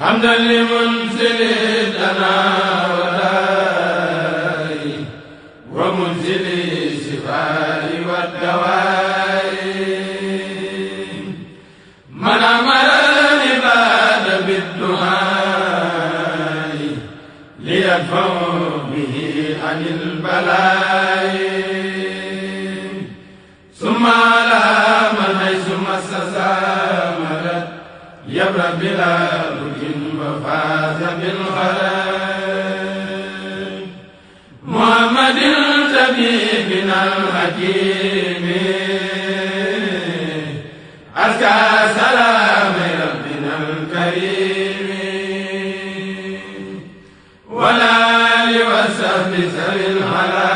حمدا لمنزل لنا وداي ومنزل الشفاء والدواء من امر العباد بالدعاء ليدفعوا به عن البلاء ثم على من حيث مسس مرت يبرأ بلا wala li wa sahbi sabil ala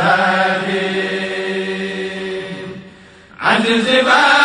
الحليم عن الزبال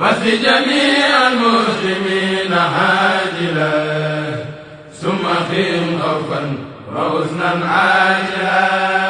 وفي جميع المسلمين عاجلا ثم خيم خوفا وحزنا عاجلا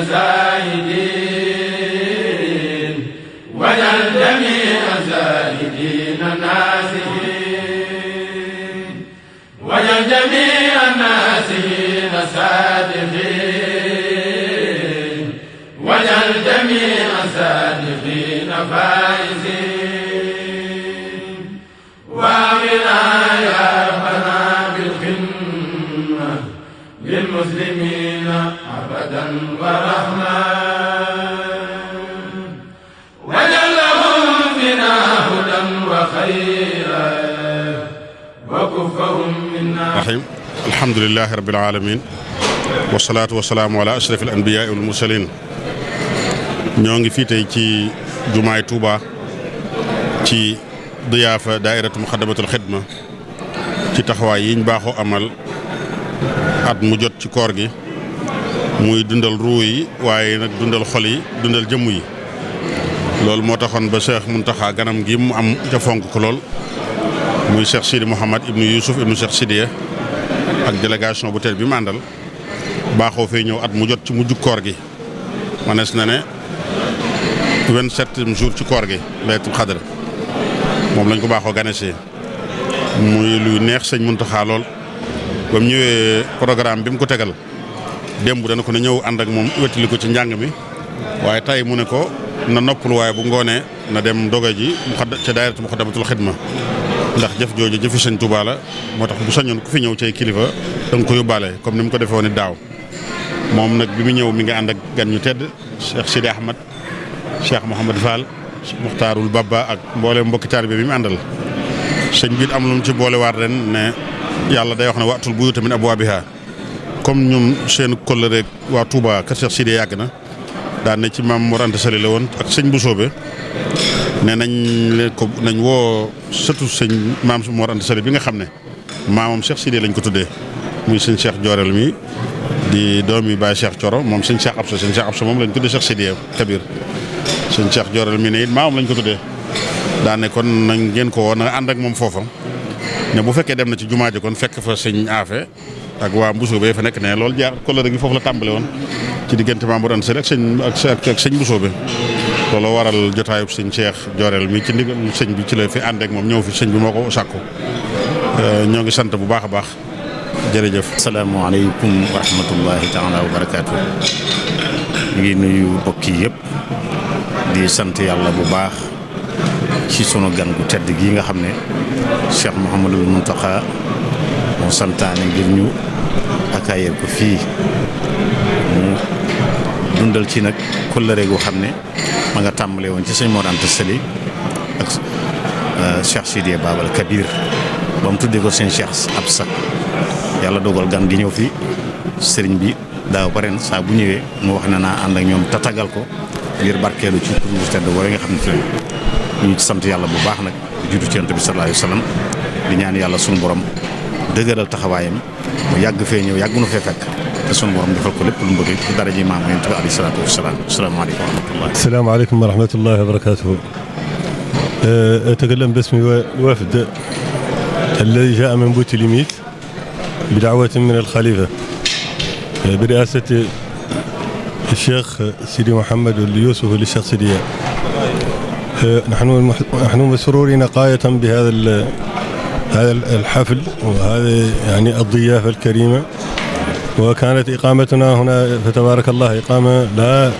زاهدين واجعل جميع زاهدين ناسهين واجعل جميع ناسهين صادقين واجعل جميع صادقين فائزين وامنا يا ربنا بالخدمة للمسلمين أبدا وأبدا alhamdulilahi rabil alamin wasalaatu wasalaamu ala ashraf al anbiyaa wal ñoo ngi fii ci jumaay Touba ci diyaafa daairatu muxadamatul xidma ci taxawaay yiñ baaxoo amal at mu jot ci koor gi muy dundal ruu yi waaye nag dundal xol yi dundal jëmm yi loolu moo taxoon ba Cheikh Muntaxa ganam gi mu am ca fonk ko lool muy Cheikh Sidi Mouhamad ibnu Youssouf ibnu Cheikh Sidiya ak délégation bu teel bi mu àndal baaxoo fee ñëw at mu jot ci mujj koor gi manees na ne vingt-septième jour ci koor gi laytul xadar moom lañ ko baaxoo ganesee muy luy neex sëñ Muntaxa lool ba mu ñëwee programme bi mu ko tegal démb dana ko ne ñëw ànd ak moom wettali ko ci njàng mi waaye tay mu ne ko na noppul waaye bu ngoonee na dem doge ji mu xad ca daayiratu Muxaddamatul Xidma ndax jëf jooju jëfi seen Tuubaa moo tax bu sañoon ku fi ñëw cay kilifa da nga ko yóbbaale comme ni mu ko defee woon daaw moom nag bi mu ñëw mi nga ànd ak gan ñu tedd Cheikh Sidi Ahmad Cheikh Mouhamad Fall Muxtaarul Baba ak mboolee mbokki taalibe bi mu àndal sëñ bi am lu mu ci boolewaat ren ne yàlla day wax ne waatul buyu tamit abwaabiha comme ñoom seen kóllëre waa tuubaa kër Cheikh Sidi yàgg na daan na ci maam Mor Anta Sali la woon ak sëñ bu soobe ne nañ leen ko nañ woo sëtu sëñ maam Mor Anta Sali bi nga xam ne maamam Cheikh Sidé lañ ko tuddee muy sëñ Cheikh Jooreel mi di doomi Baye Cheikh Coro moom sëñ Cheikh Absa sëñ Cheikh Absa moom lañ tuddee Cheikh Sidé Kabir sëñ Cheikh Jooreel mi ne it lañ ko tuddee daan ne kon nañ ngeen ko woo na ànd ak moom foofa ne bu fekkee dem na ci jumaa ji kon fekk fa sëñ Afe ak waa Mbuso bee fa nekk ne loolu jaar kóllëre gi foofu la tàmbale woon ci diggante Maam Mor Anta Sali ak sëñ ak ak sëñ Bousso bi loolu waral jotaayub sëñ Cheikh Jorel mi ci ndigal sëñ bi ci la fi ànd ak moom ñëw fi sëñ bi moo ko sàkku euh, ñoo ngi sant bu baax a baax jërëjëf. asalaamaaleykum wa rahmatullahi taala wa barakaatu. ñu ngi nuyu mbokk yépp di sant yàlla bu baax ci sunu gan gu tedd gi nga xam ne Cheikh Mouhamadul Mountakha moo santaane ngir ñu akaayeer ko fii. dundal ci nag kóllëre goo xam ne ma nga tàmbale woon ci sëñ Mor Anta Sali ak euh, Cheikh Sidiya Babal Kabir ba mu tuddee ko seen Cheikh ab sa yàlla dogal gan gi ñëw fi sëriñ bi daaw ba ren saa bu ñëwee mu wax ne naa ànd ak ñoom tatagal ko ngir barkeelu ci tur bu tedd nga xam ne fi ñu sant yàlla bu baax nag di juddu ci yonent bi sallallahu alayhi wa di ñaan yàlla sunu borom dëgëral taxawaayam. mu yàgg fee ñëw yàgg nu fee fekk te sunu borom defal ko lépp lu mu bëgg ci dara ji maam yonent bi alayhi salaatu wasalaam asalaamaaleykum wa rahmatullah asalaamaaleykum wa rahmatullahi wa barakatuhu أتكلم باسم الوفد الذي جاء من بوتليميت بدعوة من الخليفة برئاسة الشيخ سيدي محمد اليوسف للشخصية نحن نحن مسرورين غاية بهذا هذا الحفل وهذه يعني الضيافة الكريمة وكانت إقامتنا هنا فتبارك الله إقامة لا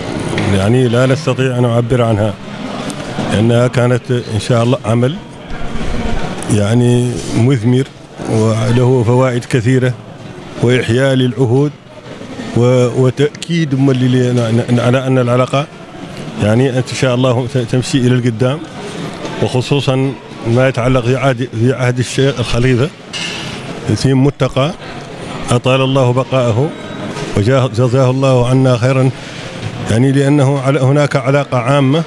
يعني لا نستطيع أن أعبر عنها لأنها كانت إن شاء الله عمل يعني مثمر وله فوائد كثيرة وإحياء للعهود وتأكيد على أن العلاقة يعني إن شاء الله تمشي إلى القدام وخصوصا ما يتعلق في عهد في عهد الشيخ الخليفة في متقى أطال الله بقاءه وجزاه الله عنا خيرا يعني لأنه هناك علاقة عامة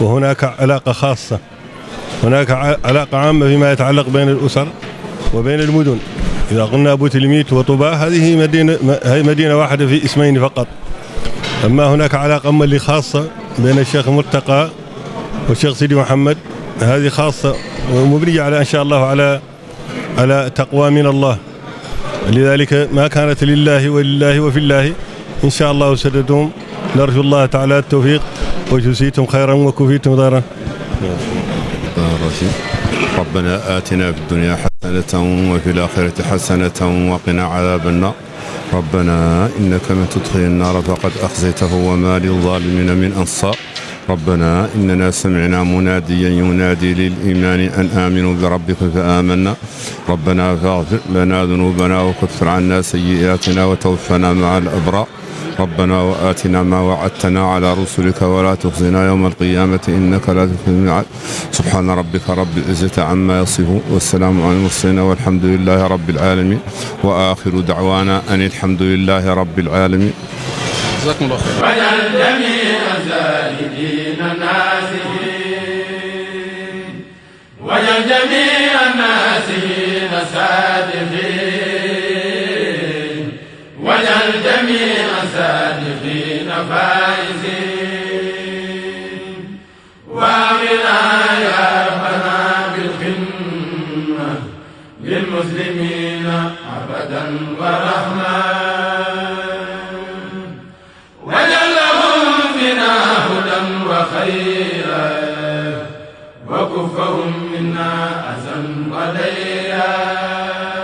وهناك علاقة خاصة هناك علاقة عامة فيما يتعلق بين الأسر وبين المدن إذا قلنا أبو تلميت وطوباء هذه مدينة هي مدينة واحدة في اسمين فقط أما هناك علاقة أما اللي خاصة بين الشيخ مرتقى والشيخ سيدي محمد هذه خاصة وبنجعل إن شاء الله على على تقوى من الله لذلك ما كانت لله ولله وفي الله إن شاء الله سددتم نرجو الله تعالى التوفيق وجزيتم خيرا وكفيتم دارا ربنا آتنا في الدنيا حسنة وفي الآخرة حسنة وقنا عذاب النار ربنا إنك من تدخل النار فقد أخزيته وما للظالمين من أنصار ربنا إننا سمعنا مناديا ينادي للإيمان أن آمنوا بربكم فآمنا ربنا فاغفر لنا ذنوبنا وكفر عنا سيئاتنا وتوفنا مع الأبرار ربنا وآتنا ما وعدتنا على رسلك ولا تخزنا يوم القيامة إنك لا تخلف الميعاد سبحان ربك رب العزة عما يصفون والسلام على المرسلين والحمد لله رب العالمين وآخر دعوانا أن الحمد لله رب العالمين جزاكم الله خير wajal jamii annaasi na saadiqiin wajal jamii saadiqiin faa'iziin waaminaa yaa rabbanaa bil xidma lil muslimiina abadan wa rahmaa فهم منا أزا وليا